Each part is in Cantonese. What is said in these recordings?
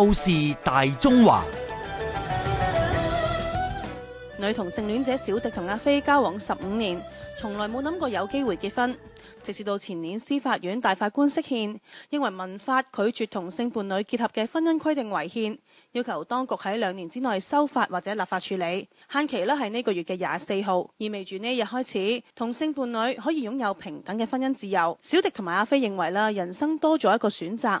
透視大中華，女同性戀者小迪同阿飛交往十五年，從來冇諗過有機會結婚。直至到前年，司法院大法官釋憲，認為民法拒絕同性伴侶結合嘅婚姻規定違憲，要求當局喺兩年之內修法或者立法處理。限期呢係呢個月嘅廿四號，意味住呢一日開始，同性伴侶可以擁有平等嘅婚姻自由。小迪同埋阿飛認為啦，人生多咗一個選擇。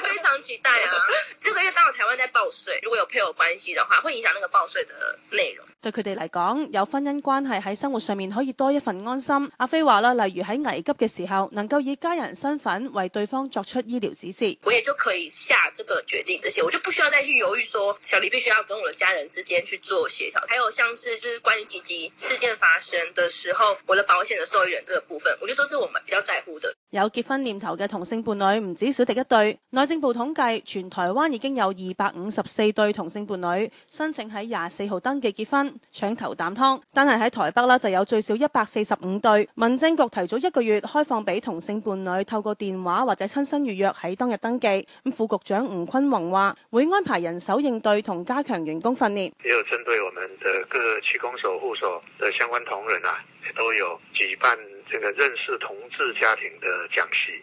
非常期待啊！這個月剛好台灣在報稅，如果有配偶關係的話，會影響那個報稅的內容。對佢哋嚟講，有婚姻關係喺生活上面可以多一份安心。阿飛話啦，例如喺危急嘅時候，能夠以家人身份為對方作出醫療指示，我也就可以下這個決定。這些我就不需要再去猶豫說，說小黎必須要跟我的家人之間去做協調。還有，像是就是關於緊急事件發生的時候，我的保險的受益人這個部分，我覺得都是我們比較在乎的。有結婚念頭嘅同性伴侶唔止小迪一對，政部統計，全台灣已經有二百五十四對同性伴侶申請喺廿四號登記結婚，搶頭啖湯。但係喺台北呢，就有最少一百四十五對。民政局提早一個月開放俾同性伴侶透過電話或者親身預約喺當日登記。咁副局長吳坤宏話，會安排人手應對同加強員工訓練。也有針對我們的各區公所、戶所的相關同仁啊，都有舉辦這個認識同志家庭的講習。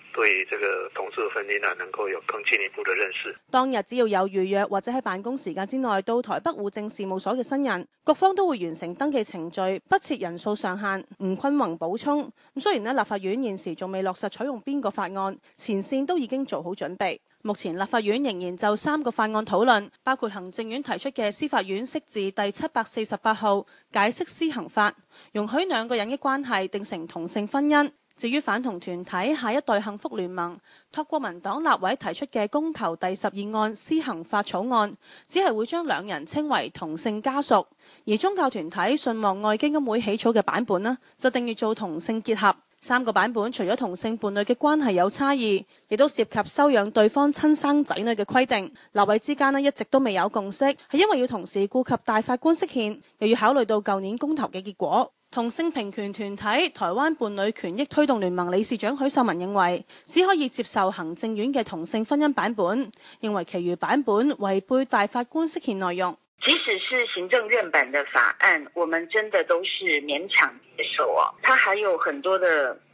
對這個同性婚姻呢能夠有更進一步的認識。當日只要有預約或者喺辦公時間之內到台北戶政事務所嘅新人，各方都會完成登記程序，不設人數上限。吳坤宏補充：，雖然呢，立法院現時仲未落實採用邊個法案，前線都已經做好準備。目前立法院仍然就三個法案討論，包括行政院提出嘅司法院釋字第七百四十八號解釋施行法，容許兩個人嘅關係定成同性婚姻。至於反同團體下一代幸福聯盟，託國民黨立委提出嘅公投第十二案施行法草案，只係會將兩人稱為同性家屬；而宗教團體信望愛基金會起草嘅版本呢，就定義做同性結合。三個版本除咗同性伴侶嘅關係有差異，亦都涉及收養對方親生仔女嘅規定。立委之間呢一直都未有共識，係因為要同時顧及大法官釋憲，又要考慮到舊年公投嘅結果。同性平權團體台灣伴侶權益推動聯盟理事長許秀文認為，只可以接受行政院嘅同性婚姻版本，認為其餘版本違背大法官釋憲內容。即使是行政院版的法案，我們真的都是勉強接受啊。它還有很多的。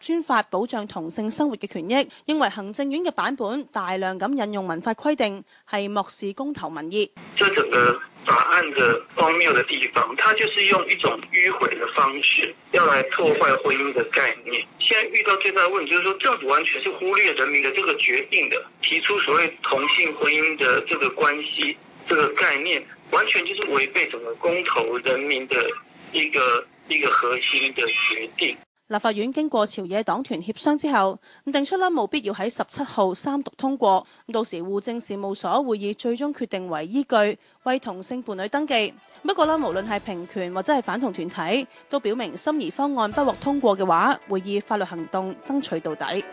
專法保障同性生活嘅權益，認為行政院嘅版本大量咁引用民法規定，係漠視公投民意。這整個法案嘅荒謬嘅地方，它就是用一種迂迴嘅方式，要來破壞婚姻嘅概念。現在遇到最大嘅問題，就是說政府完全是忽略人民嘅這個決定的，提出所謂同性婚姻嘅這個關係，這個概念完全就是違背整個公投人民嘅一個一個核心嘅決定。立法院經過朝野黨團協商之後，定出啦，務必要喺十七號三讀通過，到時戶政事務所會以最終決定為依據，為同性伴侶登記。不過啦，無論係平權或者係反同團體，都表明心儀方案不獲通過嘅話，會以法律行動爭取到底。